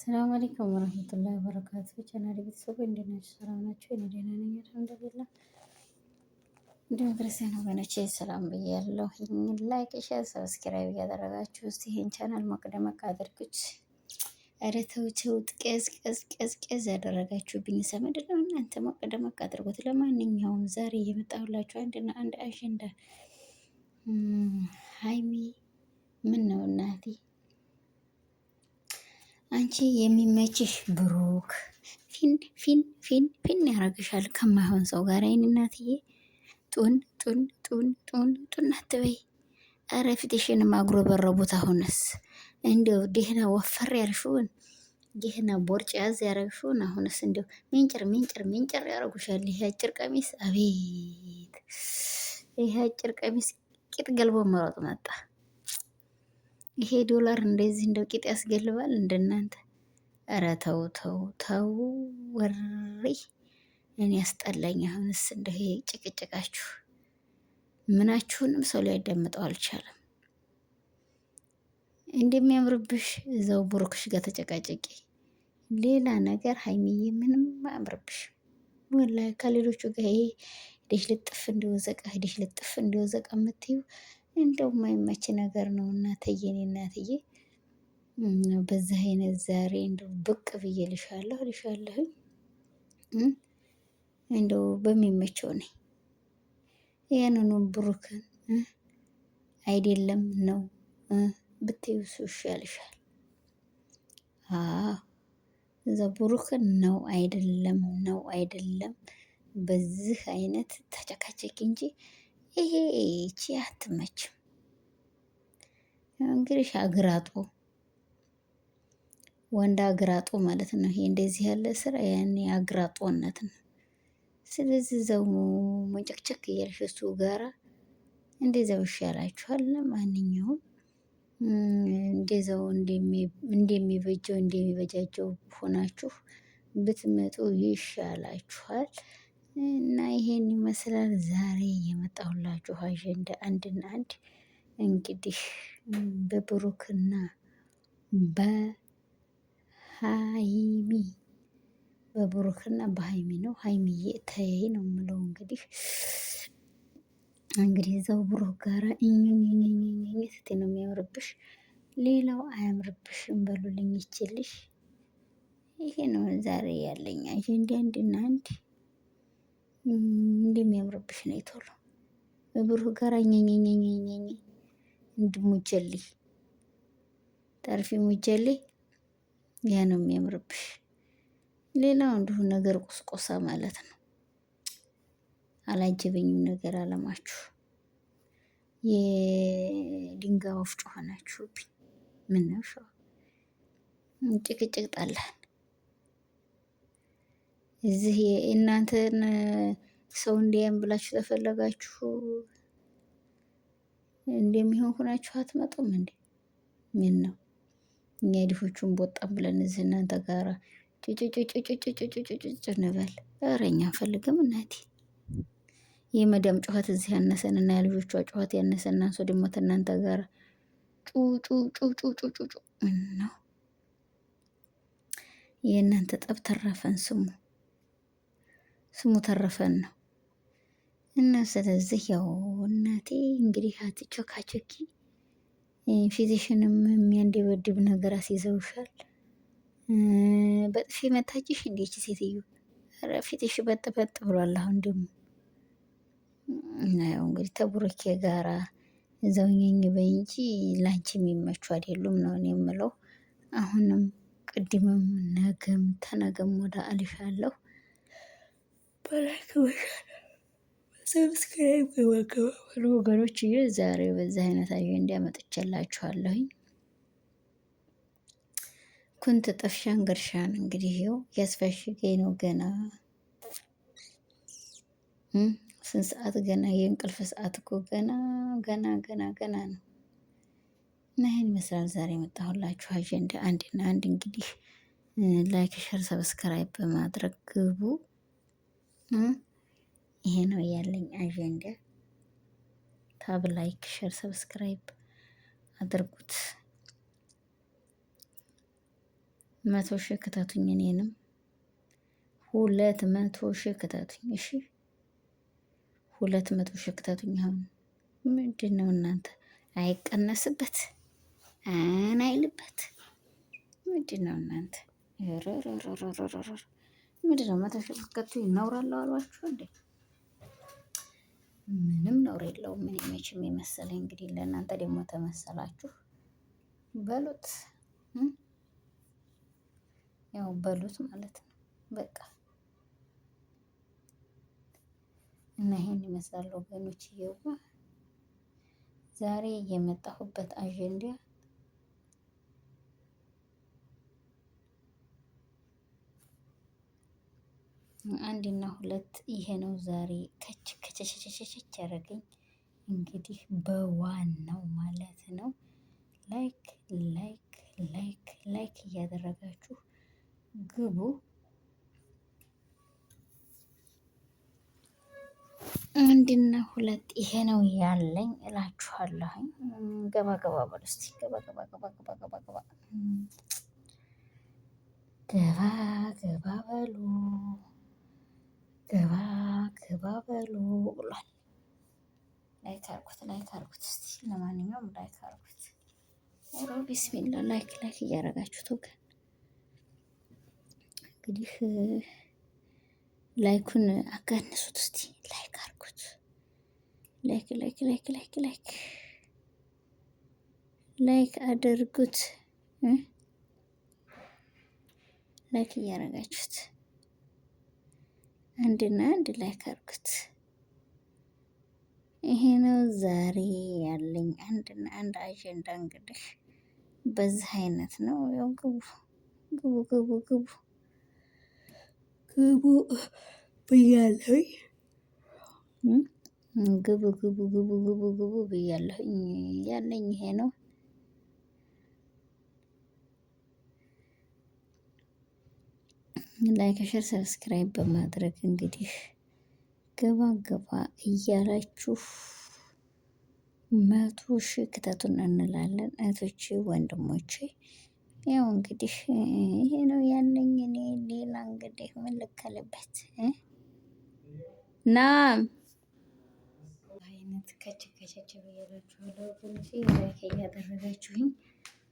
ሰላም አለይኩም ወራህመቱላሂ ወበረካቱ። ቻናል ቤተሰቦች እንደምን ናችሁ? ሰላም ናችሁ? እኔ ደህና ነኝ አልሐምዱሊላህ። እንዲሁም ክርስቲያን ወገኖቼ ሰላም ብያለሁ። ይህን ላይክ፣ ሼር፣ ሰብስክራይብ እያደረጋችሁ እስቲ ይህን ቻናል ሞቅ ደመቅ ኧረ ተው ተው፣ ጥቀዝ ቀዝ ቀዝ ቀዝ ያደረጋችሁብኝ ምንድን ነው እናንተ? ሞቅ ደመቅ አድርጉት። ለማንኛውም ዛሬ እየመጣሁላችሁ አንድና አንድ አጀንዳ ሀይሚ ምን ነው እናቴ አንቺ የሚመችሽ ብሩክ ፊን ፊን ፊን ፊን ያረግሻል ከማይሆን ሰው ጋር። አይን እናትዬ ጡን ጡን ጡን ጡን ጡን አትበይ። አረ ፊትሽን ማጉረበረቡት። አሁንስ እንዲው ደህና ወፈር ያልሽውን ደህና ቦርጭ ያዝ ያረግሽውን፣ አሁንስ እንዲው ሚንጭር ሚንጭር ሚንጭር ያረጉሻል። ይህ አጭር ቀሚስ አቤት! ይህ አጭር ቀሚስ ቂጥ ገልቦ መሮጥ መጣ። ይሄ ዶላር እንደዚህ እንደው ቂጥ ያስገልባል እንደናንተ። ኧረ ተው ተው ተው፣ ወሬ እኔ ያስጠላኝ። አሁንስ እንደው ይሄ ጭቅጭቃችሁ ምናችሁንም ሰው ሊያዳምጠው አልቻለም። እንደሚያምርብሽ እዛው ቡሩክሽ ጋር ተጨቃጨቂ። ሌላ ነገር ሀይሚዬ ምንም አያምርብሽ። ወላሂ ከሌሎቹ ጋር ይሄ ሄደሽ ልጥፍ እንደወዘቃ ሄደሽ ልጥፍ እንደወዘቃ የምትይው እንደው የማይመች ነገር ነው እናትዬ፣ እኔ እናትዬ በዚህ አይነት ዛሬ እንደው ብቅ ብዬ ልሻለሁ ልሻለሁኝ እንደው በሚመቸው ነኝ። ያንኑ ብሩክን አይደለም ነው ብትዩ ሱሽ ያልሻል። እዛ ብሩክን ነው አይደለም ነው አይደለም በዚህ አይነት ተጨካጨኪ እንጂ ይሄ ይቺ አትመችም። እንግዲህ አግራጦ ወንድ አግራጦ ማለት ነው። ይሄ እንደዚህ ያለ ስራ ያኔ አግራጦነት ነው። ስለዚህ እዛው መንጨቅጨቅ እያልሽ እሱ ጋራ እንደዛው ይሻላችኋል። ለማንኛውም እንደዛው እንደሚበጀው እንደሚበጃጀው ሆናችሁ ብትመጡ ይሻላችኋል። እና ይሄን ይመስላል ዛሬ የመጣሁላችሁ አጀንዳ አንድና አንድ እንግዲህ በብሩክና በሀይሚ በብሩክና በሀይሚ ነው። ሀይሚዬ ተይ ነው የምለው እንግዲህ እንግዲህ እዛው ብሩክ ጋራ እኝኝኝኝኝ ስቴ ነው የሚያምርብሽ፣ ሌላው አያምርብሽም በሉልኝ ይችልሽ። ይሄ ነው ዛሬ ያለኝ አጀንዳ አንድና አንድ። እንደሚያምርብሽ ነው ቶሎ ብሩህ ጋር ኘኘኘኘኘ እንድሙጀል ጠርፊ ሙጀሊ ያ ነው የሚያምርብሽ። ሌላው እንዲሁ ነገር ቁስቆሳ ማለት ነው። አላጀበኝም ነገር አለማችሁ የድንጋይ ወፍጮ ሆናችሁብኝ። ነው ሸዋ ጭቅጭቅ ጣላል። እዚህ እናንተን ሰው እንዲያም ብላችሁ ተፈለጋችሁ እንደሚሆን ሁናችሁ አትመጡም እንዴ? ምን ነው እኛ ድሆቹን ቦጣም ብለን እዚህ እናንተ ጋራ ጭጭጭጭጭጭጭጭጭጭ እንበል። ኧረ እኛ አንፈልግም እናቴ። ጩኸት እዚህ ያነሰን እና የልጆቿ ጩኸት ያነሰን እናንተ ጩጩጩጩጩጩ ነው የእናንተ ጠብ ተረፈን ስሙ። ስሙ ተረፈን ነው እና ስለዚህ ያው እናቴ እንግዲህ አትቾካቾኪ፣ ፊዚሽንም የሚያንደበድብ ነገር አስይዘውሻል። በጥፊ መታችሽ እንዴች ሴትዮ? ፊትሽ በጥ በጥ ብሏል። አሁን ደግሞ ያው እንግዲህ ተቡርኬ ጋራ ዘውኘኝ በይ እንጂ ላንቺ የሚመቹ አይደሉም ነው እኔ የምለው። አሁንም ቅድምም ነገም ተነገም ወደ አልሻለሁ በላይክ ሰብስክራይብ ከማከባበሉ ወገኖች እየ ዛሬ በዚህ አይነት አጀንዳ መጥቼላችኋለሁኝ። ኩንት ጠፍሻን ገርሻን እንግዲህ ይኸው ያስፈሽገኝ ነው ገና ስንት ሰዓት ገና የእንቅልፍ ሰዓት እኮ ገና ገና ገና ገና ነው። እና ይህን ይመስላል ዛሬ የመጣሁላችሁ አጀንዳ አንድና አንድ እንግዲህ ላይክ፣ ሸር፣ ሰብስክራይብ በማድረግ ግቡ። ይሄ ነው ያለኝ አጀንዳ። ታብ፣ ላይክ፣ ሸር፣ ሰብስክራይብ አድርጉት። መቶ ሺህ ክተቱኝ፣ እኔንም ሁለት መቶ ሺህ ክተቱኝ። እሺ ሁለት መቶ ሺህ ክተቱኝ። አሁን ምንድን ነው እናንተ አይቀነስበት አን አይልበት ምንድን ነው እናንተ? ምንድነው መተሸከቱ ይናውራለሁ አሏችሁ እንዴ? ምንም ነውር የለውም። ምን መቼም የመሰለኝ እንግዲህ ለእናንተ ደግሞ ተመሰላችሁ በሉት፣ ያው በሉት ማለት ነው በቃ እና ይሄን ይመስላል ወገኖች። ዛሬ የመጣሁበት አጀንዳ አንድና ሁለት ይሄ ነው ዛሬ ከች ከቸቸቸቸች ያደረገኝ እንግዲህ በዋናው ማለት ነው። ላይክ ላይክ ላይክ ላይክ እያደረጋችሁ ግቡ። አንድና ሁለት ይሄ ነው ያለኝ እላችኋለሁኝ። ገባ ገባ በሉ ገባ ገባ ገባ ገባ ገባ ገባ ገባ ገባ በሉ ገባ ገባ በሉ ብሏል። ላይክ አርጉት፣ ላይክ አርጉት እስቲ ለማንኛውም ላይክ አርጉት። ሮ ቢስሚላ ላይክ ላይክ እያደረጋችሁ ተውከን እንግዲህ ላይኩን አጋነሱት እስቲ ላይክ አርጉት። ላይክ ላይክ ላይክ ላይክ ላይክ ላይክ አድርጉት። ላይክ እያደረጋችሁት አንድና አንድ ላይ ካርጉት። ይሄ ነው ዛሬ ያለኝ አንድና አንድ አጀንዳ። እንግዲህ በዚህ አይነት ነው። ያው ግቡ ግቡ ግቡ ግቡ ግቡ ብያለሁኝ ግቡ ግቡ ግቡ ግቡ ግቡ ብያለሁኝ። ያለኝ ይሄ ነው። ላይክ፣ ሸር፣ ሰብስክራይብ በማድረግ እንግዲህ ገባ ገባ እያላችሁ መቶ ሺ ክተቱን እንላለን። እህቶቼ ወንድሞቼ፣ ያው እንግዲህ ይሄ ነው ያለኝ። እኔ ሌላ እንግዲህ ምን ልከልበት ናም አይነት ከች ከቸች ብያላችሁ ላይክ እያደረጋችሁኝ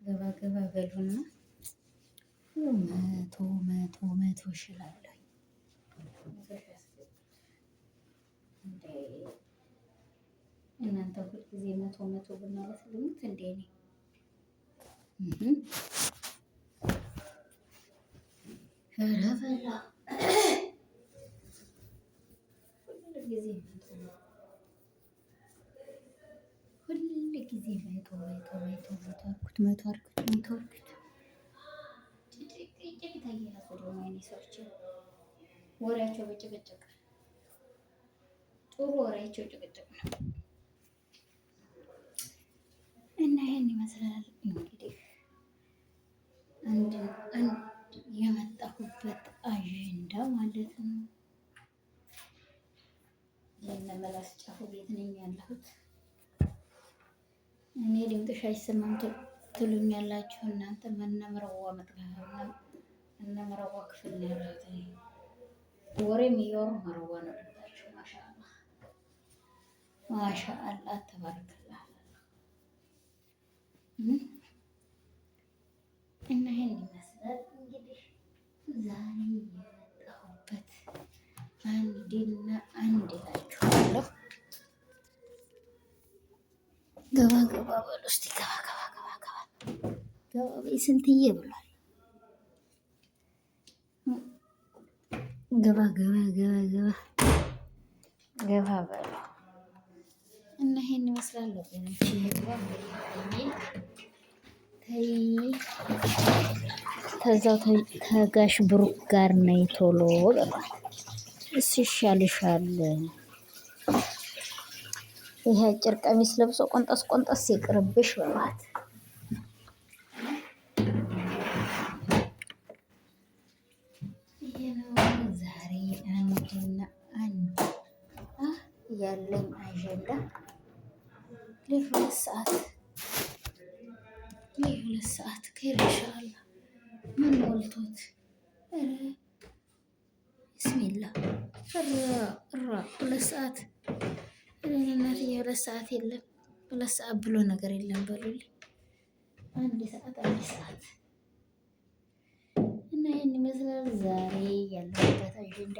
ገባ ገባ በሉና መቶ መቶ መቶ ሺህ እናንተ ሁልጊዜ መቶ መቶ ብናለት ልሙት እንዴ ነው? ኧረ ሁልጊዜ መቶ መቶ መቶ አድርጉት መቶ አድርጉት መቶ አድርጉት አያያዝ ሁሉ ነው የኔ ሰዎች ወሬያቸው በጭቅጭቅ ጥሩ ወሬያቸው ጭቅጭቅ ነው እና ይሄን ይመስላል እንግዲህ አንድ የመጣሁበት አጀንዳ ማለት ነው። መላስ ጫፉ ቤት ነኝ ያለሁት እኔ ድምፅሽ አይሰማም ትሉኛላችሁ እናንተ መነምረዋ መጥበብ እነ መረዋ ክፍል ነው ወሬ ወሬም እያወሩ መረዋ ነው ነበረች። ማሻአላ ማሻአላ ተባረክላ። እና ይሄን ይመስላል እንግዲህ ዛሬ የመጣሁበት አንድና አንድ እላችኋለሁ። ገባ ገባ በሉ እስኪ ገባ ገባ ገባ ገባ ገባ ስንትዬ ብሏል። ገባ ገባ ገባ ገባ ገባ በሉ እና ይሄን ይመስላል። ወገኖች ተዛው ተጋሽ ብሩክ ጋር ነይ ቶሎ በሏል። እሱ ይሻልሻል። ይሄ አጭር ቀሚስ ለብሶ ቆንጠስ ቆንጠስ ይቅርብሽ በሏት። ያለኝ አጀንዳ ለሁለት ሰዓት ለሁለት ሰዓት ከይረሻአላ ምን ሞልቶት ብስሚላ ራ ሁለት ሰዓት እናት የሁለት ሰዓት የለም ሁለት ሰዓት ብሎ ነገር የለም። በሉልኝ አንድ ሰዓት አንድ ሰዓት እና ይህን ይመስላል ዛሬ ያለበት አጀንዳ።